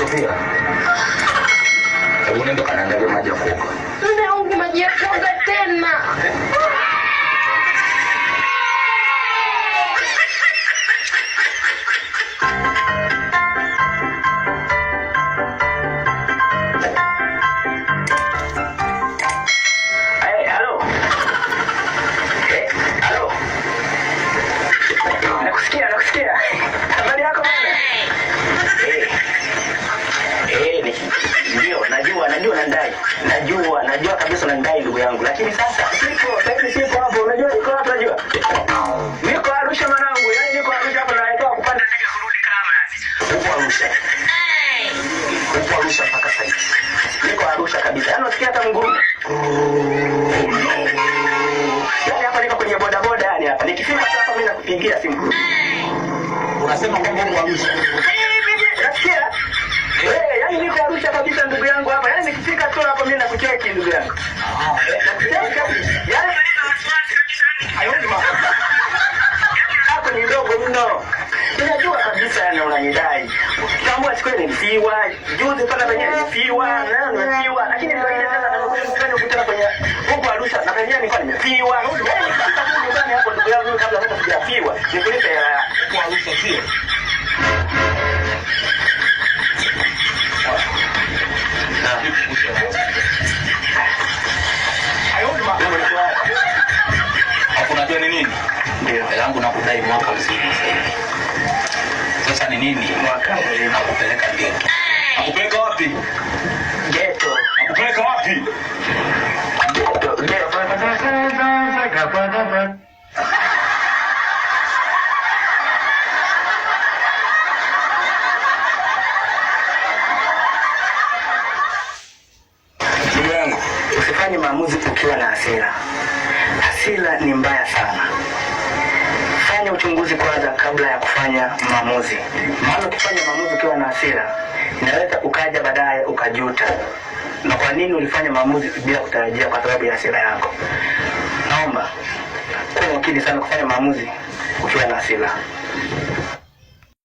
Sofia, hebu nenda kanaangalia maji ya kuoga. Mume wangu maji ya kuoga tena. Shangai ndugu yangu, lakini sasa sipo sasa sipo hapo. Unajua niko hapa, unajua niko Arusha mwanangu, yani niko Arusha hapo, naelekea kupanda ndege kurudi kama yani uko Arusha, uko Arusha mpaka sasa hivi niko Arusha kabisa, yani usikia hata mguu yani hapa niko kwenye boda boda, yani hapa nikifika hapa mimi nakupigia simu, unasema kwamba uko Arusha. yangu hapa. Yaani nikicheka tu hapo mimi nakucheki ndugu yangu. Yaani hayo ni mambo. Hapo ni ndogo mno. Unajua kabisa yana unanidai. Tambua siku ile nilifiwa, juzi mpaka penyewe nilifiwa, na nilifiwa, lakini ndio ile sasa nakuja kukutana kwenye huko Arusha na penyewe nilikuwa nimefiwa. Yaani sasa ndio hapo ndugu yangu kabla hata sijafiwa. Nikulipe kwa Arusha sio. anadai mwaka mzima sasa hivi. Sasa ni nini? Mwaka mzima nakupeleka ghetto. Nakupeleka wapi? Ghetto. Nakupeleka wapi? Usifanye maamuzi ukiwa na hasira. Hasira ni mbaya sana fanya uchunguzi kwanza kabla ya kufanya maamuzi, maana ukifanya maamuzi ukiwa na hasira inaweza ukaja baadaye ukajuta, na kwa nini ulifanya maamuzi bila kutarajia, kwa sababu ya hasira yako. Naomba kuwa makini sana kufanya maamuzi ukiwa na hasira.